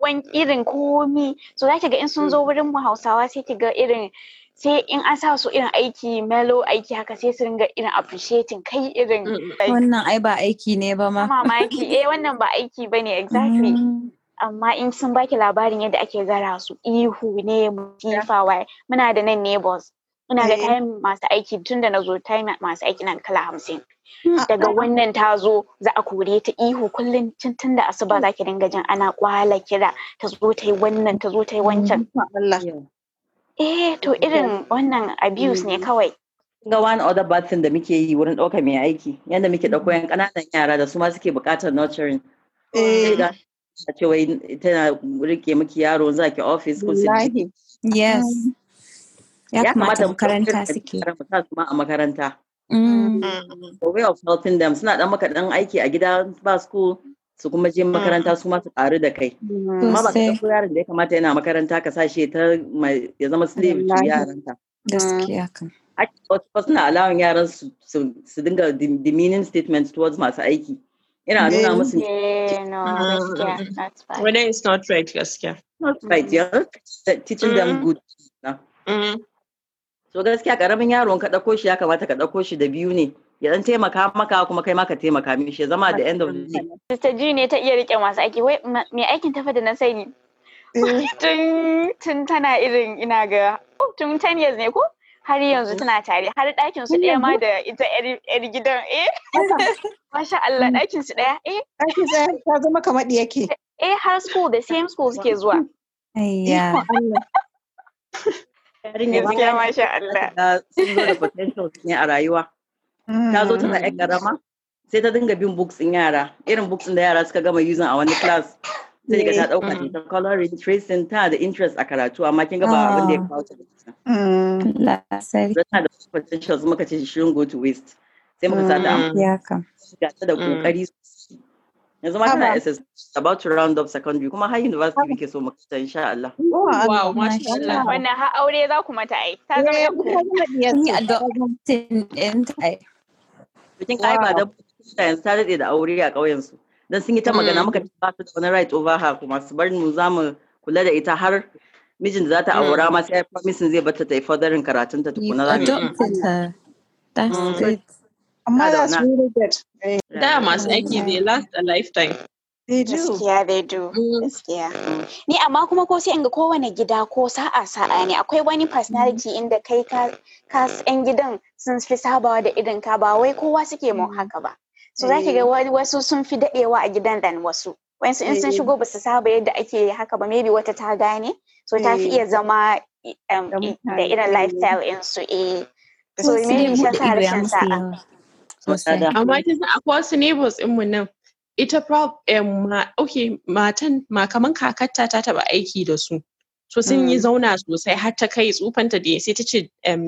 wan irin komi so za ki ga in sun zo mm. wurin mu hausawa sai ki ga irin sai in an sa su irin aiki melo aiki haka sai su ringa irin appreciating kai irin wannan ai ba aiki ne ba ma mamaki eh wannan ba aiki ba exactly mm. amma in sun baki labarin yadda ake gara su ihu ne musifa waye muna da nan neighbors ina da eh. time masu aiki tunda na zo time masu aiki na kala hamsin Ah, daga ah. wannan ta zo za a kore ta ihu kullum tun tun da asuba hmm. za ki dinga jin ana kwala kira ta zo ta yi wannan ta zo ta yi hmm, wancan eh to irin wannan abuse ne hmm. kawai ga one other bad thing da muke yi wurin ɗaukar mai aiki yadda muke ɗauko yan ƙananan yara da su ma suke buƙatar nurturing eh. a ce wai tana rike miki yaro za ki office ko yes ya kamata makaranta suke kamata makaranta So way of helping them suna dan maka dan aiki a gida ba school su kuma je mm. makaranta su ma su karu da kai. Amma mm. ba ka yaron da ya kamata yana makaranta ka sa shi ta ya zama slave to yaranta. Gaskiya mm. kan. Wasu suna allowing yaran su dinga demeaning statements towards masu aiki. Ina nuna musu. Whether it's not right gaskiya. Not right, yeah. Teaching them good. to gaskiya karamin yaron ka ɗauko shi ya kamata ka ɗauko shi da biyu ne ya dan taimaka maka kuma kai maka taimaka mishi ya zama da end of the day Sister G ne ta iya rike masu aiki wai me aikin tafa da na sani eh. tun tun tana irin ina ga oh, tun 10 years ne ko har yanzu tana tare har ɗakin su ɗaya ma da ita yar gidan eh masha Allah mm. ɗakin su ɗaya eh ɗakin su ɗaya ta zama kamar yake eh har school the same school suke zuwa ayya Gaskiya masha Allah. Sun zo da potentials ne a rayuwa. Ta zo tana ƴan ƙarama sai ta dinga bin books ɗin yara irin books ɗin da yara suka gama using a wani class sai daga ta eh. ɗauka ne ta coloring tracing ta da interest a karatu amma kin ga ba abin da ya kawo ta da ita. Mm. Tana da potentials muka ce shirin go to waste. Sai muka sa ta amfani. Mm. ya ta da kokari mm. yanzu ma tana SS about to round up secondary kuma har university muke so mu ta insha Allah. Wow, masha Allah. Wannan har aure za ku mata ai. Ta zama eh, yanku. Ni adoptin din ta ai. Bikin kai ba da yanzu ta daɗe da aure a ƙauyen su. Dan sun yi ta magana mm. muka ba su da wani right over her kuma su bar mu za mu kula da ita har mijin da za ta aura mm. ma sai promising zai bata ta yi furthering karatun ta tukuna za mu. Mm. That's it. Amma su yi good. Eh. Da masu aiki they last a lifetime. They do. Gaskiya they do. Mm. Gaskiya. Ni amma kuma ko sai in ga kowane gida ko sa'a sa'a ne akwai wani personality mm. inda kai ka yan gidan sun fi sabawa da idan ka ba wai kowa suke mun mm. haka ba. So za ki ga eh. wasu sun fi daɗewa a gidan dan wasu. Wasu in sun eh. shigo ba su saba yadda ake haka ba maybe wata ta gane so ta fi iya zama um, da irin lifestyle in su eh. So maybe shi ta rashin sa'a. sosai amma kin akwai wasu neighbors in mu nan ita prof eh, ma matan makaman kakatta ta taba aiki da su so sun yi mm. zauna sosai har ta kai tsufanta da sai ta ce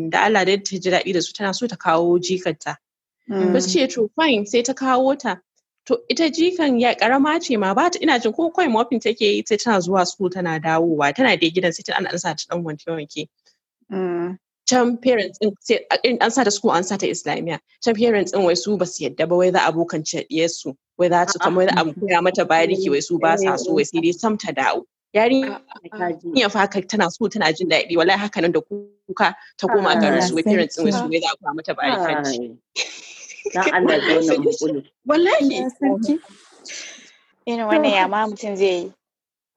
da Allah da ta ji daɗi da su tana so ta kawo jikarta su mm. ce to fine sai ta kawo ta to ita jikan ya karama ce ma ba ta ina jin ko kawai mofin take yi sai tana zuwa su tana dawowa tana da gidan sai ta ana ansa ta dan wanke wanke mm. can parents in sai an sa ta school an sa ta islamiya can parents din wai su ba su yadda ba wai za abokan su wai za su kamar za a koya mata bariki wai su ba sa so wai sai dai sam ta dawo yarinya ya haka tana so tana jin daɗi wallahi haka nan da kuka ta koma garin su wai parents din wai su wai za a koya mata barikanci dan Allah da wannan wallahi irin wannan ya ma mutum zai yi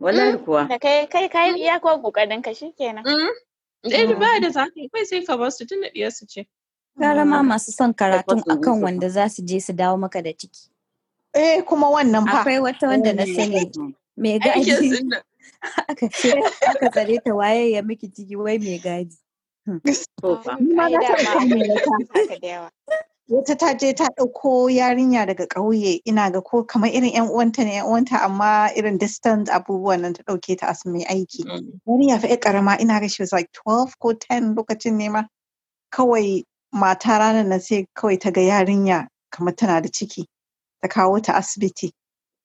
wallahi mm. kuwa kai kai kai mm. iya kuwa kokarin ka shikenan mm. Ɗaya ba da zafi, kai sai ka basu su tunda diyar su ce. Gara ma masu son karatun akan wanda za su je su dawo maka da ciki. Eh kuma wannan fa. Akwai wata wanda na eh. sani mai gaji? Aka ce aka tsare ta waye ya miki ciki wai mai gaji? Hmm. Ni ma za ta yi kan yawa. wata ta je ta ɗauko yarinya daga ƙauye ina ga ko kamar irin yan uwanta ne yan uwanta amma irin distant abubuwan nan ta ɗauke ta asu mai aiki yarinya mm. fa ƙarama ina ga she was like 12 ko 10 lokacin ne ma kawai mata ranar nan sai kawai ta ga yarinya kamar tana da ciki ta kawo ta asibiti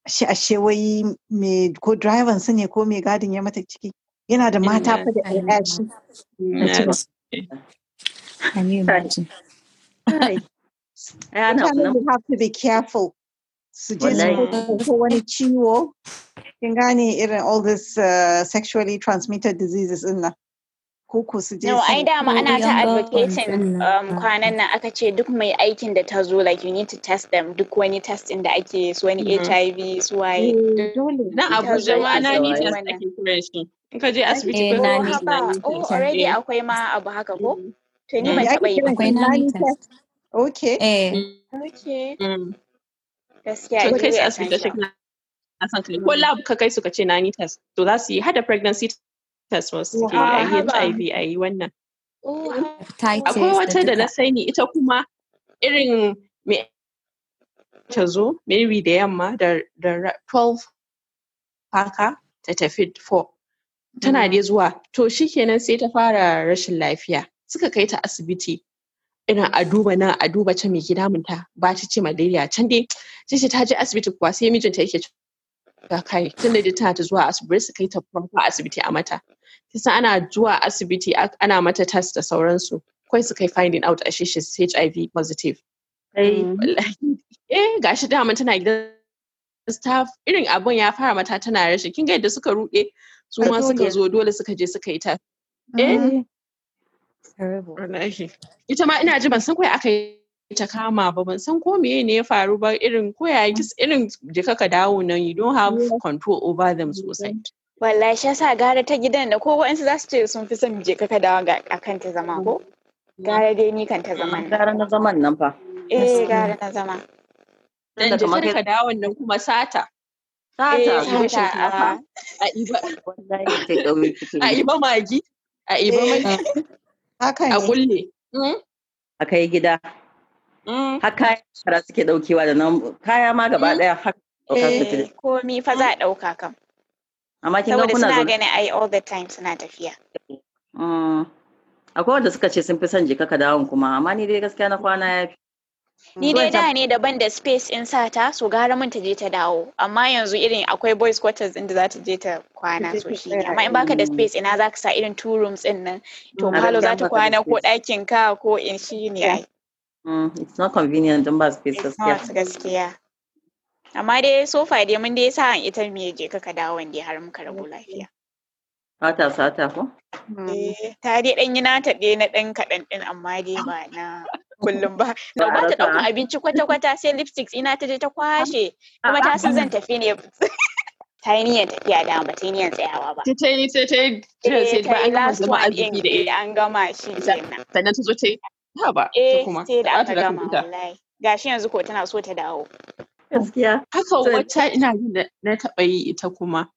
shi ashe wai me ko driver su ne ko me gadin ya mata ciki yana da mata fa da ƴaƴa shi I don't You have to be careful. So just su wani ciwo, kin gane all this uh, sexually transmitted diseases in nan. Koko su No, ai dama ana ta advocating um, kwanan nan aka ce duk mai aikin da ta zo like you need to test them duk wani test in da ake su wani HIV mm-hmm. su waye. Eh, na Abuja ma na ni test ake kira shi. In ka je asibiti eh, ko na ni. Oh, already akwai ma abu haka ko? Mm-hmm. To ni eh. ban taɓa yi Akwai na ni test. Ok. É. Eh. Ok. Mm. kai su asibiti shi na san Ko lab ka kai su ka ce na ni test. To za su yi hada pregnancy test wasu suke a yi HIV a yi wannan. Akwai wata da na sani ita kuma irin me ta zo maybe da yamma da 12 haka ta tafi 4 tana mm. dai zuwa to shikenan sai ta fara rashin lafiya suka kai ta asibiti Ina a duba nan a duba can mai damun ta ba ta ce malaria can dai ce ta je asibiti kuwa sai mijinta yake ta kai tun da tana ta zuwa asibiti su kai ta farko asibiti a mata kisa ana zuwa asibiti ana mata test da sauransu kawai su kai finding out mm. eh, a shi HIV positive eh gashi mun tana gidan staff irin abun ya fara mata tana rashin kin ga yadda suka ruɗe su ma suka zo dole suka je suka yi ta mm. eh Ita ma ina ji ban san kai aka yi ta kama ba ban san ko meye ne ya faru ba irin ko ya irin da ka dawo nan you don't have control over them sosai. Wallahi shi yasa gara ta gidan da ko wa'ansu za su ce sun fi son je ka dawo ga akan ta zama ko? Mm. Gara dai ni kan ta zama mm. Gara na zaman nan fa. Eh gara na zama. Dan je ka dawo nan kuma sata. Sata. Eh, sata. Ah. A iba. A iba magi. A iba eh. magi. a kulle hmm? a kai gida hmm. haka shara suke daukewa da nan kaya ma gaba daya hmm? haka eh, komi fa za a dauka kam amma kin ga kuna suna gani ai all the time suna tafiya akwai wanda suka ce sun fi son jika ka dawon kuma amma ni dai gaskiya na kwana ya fi Ni dai da ne daban da space in sata so gara mun ta je ta dawo amma yanzu irin akwai boys quarters inda za ta je ta kwana so shi amma in baka da mm. space ina za ka sa irin two rooms din nan to malo mm. za ta kwana ko ɗakin ka ko in shi ne ai. Mm, it's not convenient don ba space gaskiya. gaskiya. Amma dai so far dai mun dai sa an ita me je ka ka dawo wanda har muka rabu lafiya. Fata sata ko? Eh ta dai ɗan yi nata ɗaya na ɗan kaɗan ɗin amma dai ba na kullum ba na ba ta daukan abinci kwata-kwata sai lipsticks ina ta je ta kwashe kuma ta san zan tafi ne ta yi niyan tafiya da ba ta yi niyan tsayawa ba. Ta yi sai ta yi sai ta eh, yi da an gama shi kenan. Sannan ta zo ta yi ta ba ta kuma. Eh sai da aka gama wallahi. Gashi yanzu ko tana so ta dawo. Gaskiya. Haka wata ina jin na taɓa yi ita kuma.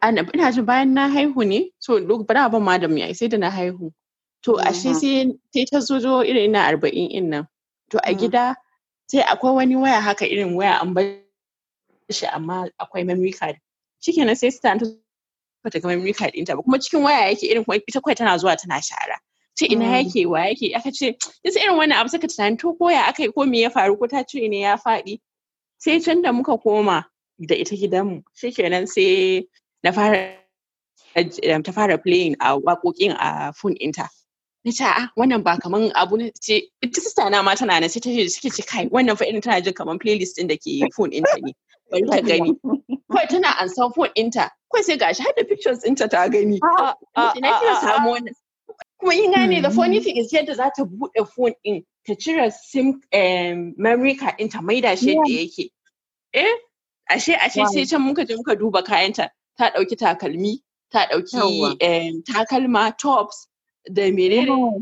Ana ina jin bayan na haihu ne so duk ba ban ma da sai da na haihu. to ashe mm-hmm. sai sai ta zo zo irin na arba'in in nan to a mm. gida sai akwai wani waya haka irin waya an bar shi amma akwai memory card na sai ta ta ga memory card ɗinta ba kuma cikin waya yake irin kuma ita kawai tana zuwa tana shara ce ina mm. yake wa yake aka ce yasa irin wani abu saka tunani to koya aka yi ko me ya faru ko ta ce ne ya faɗi sai can da muka koma da ita gidanmu shikenan sai na fara ta fara playing a waƙoƙin a phone ɗinta. na ce a wannan ba kaman abu ne ce ita sista na ma tana nan sai ta ce suke ce kai wannan fa irin tana jin kaman playlist din da ke phone ɗinta ne bari ta gani kawai tana an san phone ɗinta kawai sai gashi har da pictures ɗinta ta gani ah, ah, na kira ah, samu wannan kuma yin gane the funny hmm. thing is yadda za ta buɗe phone ɗin ta cire sim memory card ɗin maida shi yadda yake eh ashe ashe sai can muka je muka duba kayanta ta ɗauki takalmi ta ɗauki takalma tops da menene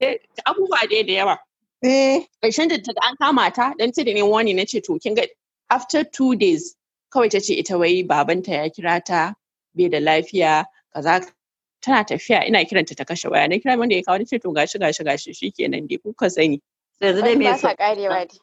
eh, abubuwa dai da yawa eh. ƙarshen da an kama ta dan ce da ne wani na ce to kin ga after two days kawai ta ce ita wai babanta ya kira ta bai da lafiya kaza tana tafiya ina kiranta ta kashe waya na kira wanda ya kawo ce to gashi gashi gashi shikenan dai kuka sani yanzu dai me sa karewa dai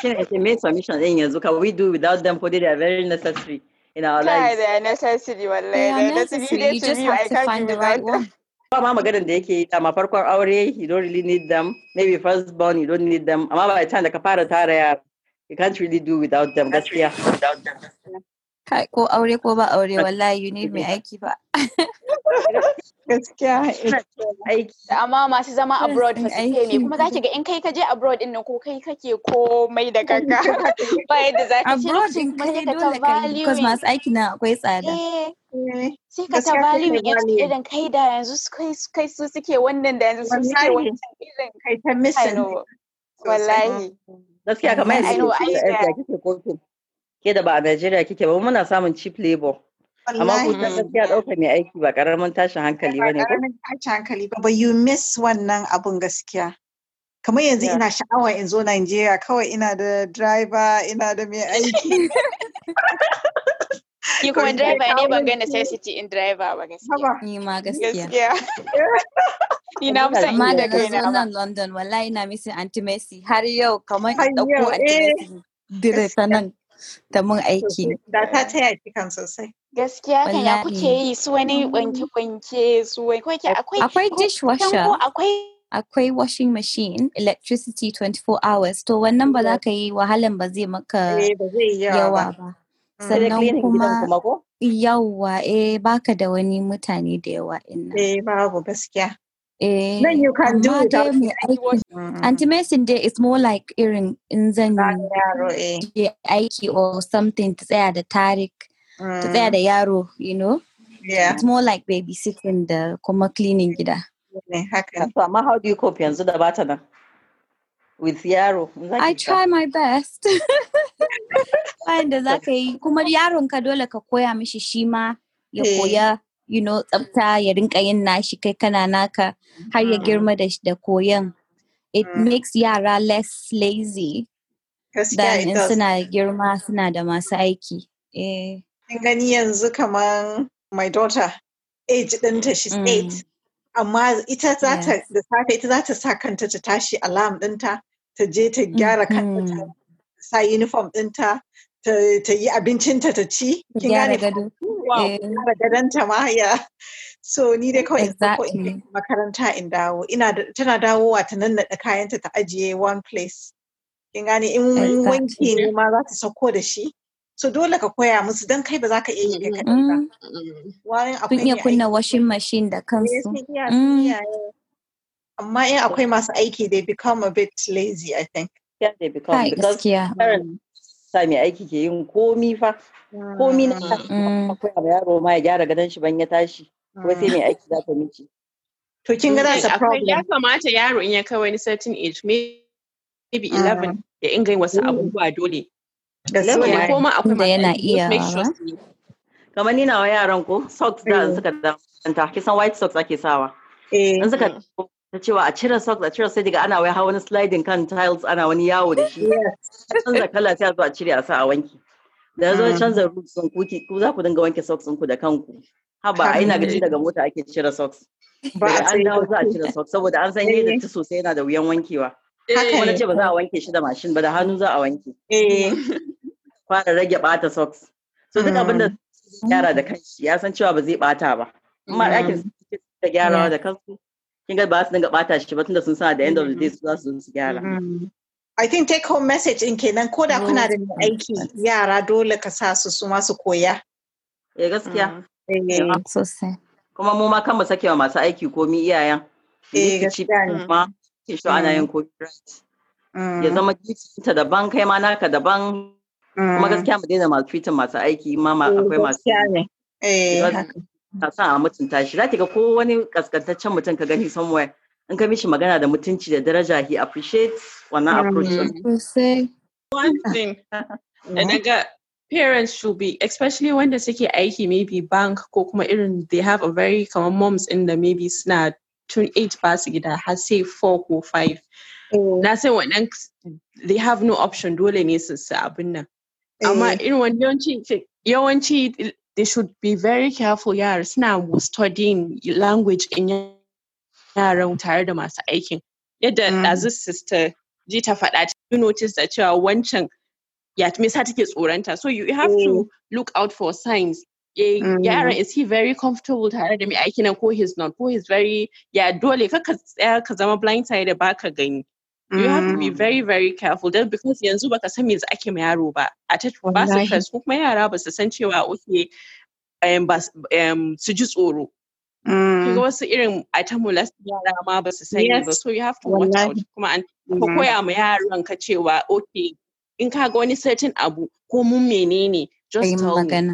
shine ce me submission din yanzu ka we do without them for they are very necessary in our lives yeah, they are necessary wallahi they are necessary you just have to find the right one ma maganar da yake dama farkon aure you don't really need them maybe first born you don't need them amma ba da ka fara tara yara you can't really do without them gaskiya ko aure ko ba aure wallahi you need me aiki ba gaskiya aiki amma masu zama abroad ba su ne kuma zaki ga in kai ka je abroad din nan ko kai kake komai da kanka ba yadda za ka abroad din kai dole ka yi because masu aiki na akwai tsada eh. Eh. sai ka ta value irin kai da yanzu kai su suke wannan da yanzu su suke wannan irin kai ta mission wallahi gaskiya kamar yanzu ke da ba a Najeriya kike ba muna samun cheap labor Amma ku ta gaskiya ɗaukar mai aiki ba ƙaramin tashin hankali ba ne. Ba ƙaramin tashin hankali ba, but you miss wannan abun gaskiya. Kamar yanzu ina sha'awa in zo Najeriya kawai ina da driver ina da mai aiki. Ki kuma driver ne ba ga necessity in driver ba gaskiya. Ni ma gaskiya. Gaskiya. Ni na fi san da kaina ba. London wallahi ina missing Aunty Messi har yau kamar in ɗauko Aunty eh. Messi dire ta nan ta mun aiki. Da ta taya ki kan sosai. Gaskiya ka ya kuke yi su wani wanke-wanke mm. su wani akwai akwai dishwasher. Akwai akwai washing machine electricity 24 hours to wannan ba za ka yi wahalan ba zai maka eh, yawa ba. Mm, Sannan kuma yawa eh baka da wani mutane da yawa inna. Eh babu gaskiya. Eh, then you can do it. Anti Mason Day is more like irin in zan eh. aiki or something to tsaya da tarik. mm. tafiya da yaro you know yeah. it's more like babysitting da kuma cleaning gida So amma how do you cope yanzu da bata nan with yaro I try my best bayan da za ka yi kuma yaron ka dole ka koya mishi shi ma ya eh. koya you know tsafta ya rinka yin nashi kai kana naka har ya mm. girma da da koyan it mm. makes yara less lazy than in suna girma suna da masu aiki eh Kin gani yanzu kamar my daughter age ɗinta she's mm. eight amma ita za ta da safe ita za ta sa kanta ta tashi alarm ɗinta ta je ta mm, gyara kanta ta mm. sa uniform ɗinta ta yi abincinta ta ci kin gane eh. gyara gadonta ma ya so ni dai kawai in makaranta in dawo ina tana dawowa ta nannaɗa kayanta ta ajiye one place kin gane in wanki ne ma za ta sauko da shi so dole ka koya musu don kai ba za ka iya yi kai kaɗai ba wayan akwai iya kunna washing machine da eh, kansu mm. eh. amma in akwai masu aiki they become a bit lazy i think yeah they become because parents, sa mai aiki ke yin komi fa komi na mm. Mm. akwai abu yaro ma ya gyara gadon shi ban ya tashi kuma sai mai aiki za ta miji. to kin ga that's a problem ya kamata yaro in ya kai wani certain age maybe 11 ya inga wasu abubuwa dole gaskiya ko ma yana iya kamar ni wa yaran ko socks da mm. suka da makaranta kisan white socks ake sawa eh. in suka ta cewa a cire socks a cire sai daga ana wai hawa wani sliding kan tiles ana wani yawo da shi canza kala sai a zo a cire a sa a wanki da zo mm. canza roots sun kuki ku za ku dinga wanke socks ku da kanku haba ai na gaji daga mota ake cire socks ba an dawo za a cire socks saboda an san eh. yadda ta sosai yana da wuyan wankewa Haka eh. wani ce ba za a wanke shi da mashin ba da hannu za a wanke. Eh. Fara rage bata socks. So duk abin da mm. gyara da kanshi ya san cewa ba zai bata ba. Amma mm. ɗakin da gyarawa da kansu kin ga ba su dinga bata shi ba tunda sun sa da end of the day mm. su za su su gyara. I think take home message in kenan ko da kuna da aiki yara dole ka sa su su su koya. Eh gaskiya. Eh. Sosai. Kuma mu ma kan mu sakewa masu aiki ko komi iyayen. Eh gaskiya ne. ke shi ana yin copyright ya zama ta daban kai ma naka daban kuma gaskiya mu daina masu fitin masu aiki ma akwai masu na a mutunta shi za ki ga ko wani kaskantaccen mutum ka gani somewhere in ka mishi magana da mutunci da daraja he appreciates wannan mm. approach one thing mm. daga parents should be especially when wanda suke aiki maybe bank ko kuma irin they have a very common moms in the maybe snad. 28 ba su gida har sai 4 ko 5 mm. na san wannan they have no option dole ne su su abin nan amma irin wani yawanci yawanci they should be very careful yara suna studying language in yaran tare da masu aikin yadda mm. ɗazu sister ji ta faɗa you notice that cewa wancan ya me sa take tsoranta so you have to mm. look out for signs Eh, yaron mm. is he very comfortable tare da mai aiki nan ko he's not ko he's very yeah dole ka ka tsaya ka zama blind side back again. gani you have to be mm. very very careful then because yanzu baka san me ake ma yaro ba a ta ba su stress ko kuma yara ba su san cewa okay um, su ji tsoro Kiga mm. wasu irin a ta molest yara ma ba su sani ba so you have to watch out Come kuma an koya ma yaran ka cewa okay in ka ga certain abu ko mun just tell me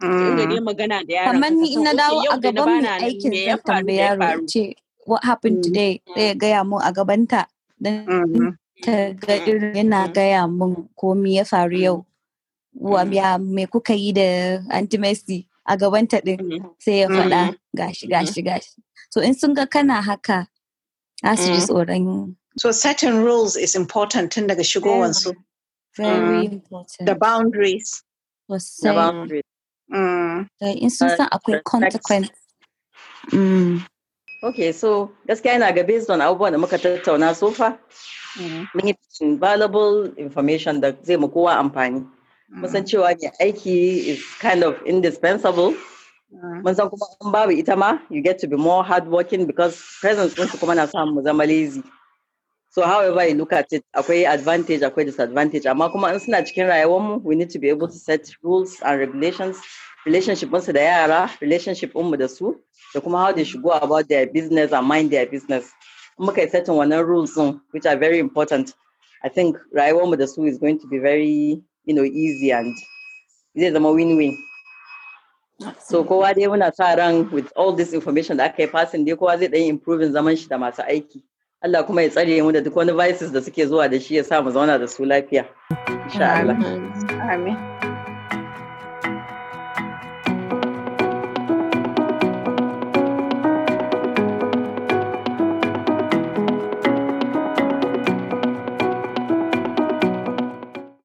Inda mm. dai magana da yaron. Kamar ni ina dawo a gaban mai aikin zan tambaya ce what happened mm. today zai gaya mun a gabanta. Don mm-hmm. ta ga mm-hmm. irin yana mm-hmm. gaya mun ko me ya faru yau. Wa ya me kuka yi da Aunty Messi a gabanta din sai ya faɗa gashi gashi gashi. So in sun ga kana haka za su ji tsoron. So setting rules is important tun daga shigowansu. Very important. The boundaries. The boundaries. Mm. Sa instance uh, akwai consequence. Mm. Okay, so gaskiya yana ga based on abubuwan da muka tattauna so far. Mm. Mun yi valuable information da zai mu kowa amfani. Mun san mm. cewa ne aiki is kind of indispensable. Mm. Mun san kuma in babu ita ma you get to be more hardworking because presence ɗinsu kuma na samu mu zama lazy. So however you look at it, akwai advantage, akwai disadvantage. Amakuma, kuma in we need to be able to set rules and regulations, relationship su da yara, relationship mu The su, kuma how they should go about their business and mind their business. Okay, certain one rules which are very important. I think rayuwar mu is going to be very, you know, easy and zai a win-win. So kowa dai muna sa with all this information that aka yi passing dai kowa zai improving zaman shi da aiki. Allah kuma ya tsare mu da duk wani vices da suke zuwa da shi ya sa mu zauna da su lafiya. Insha Allah. Amin.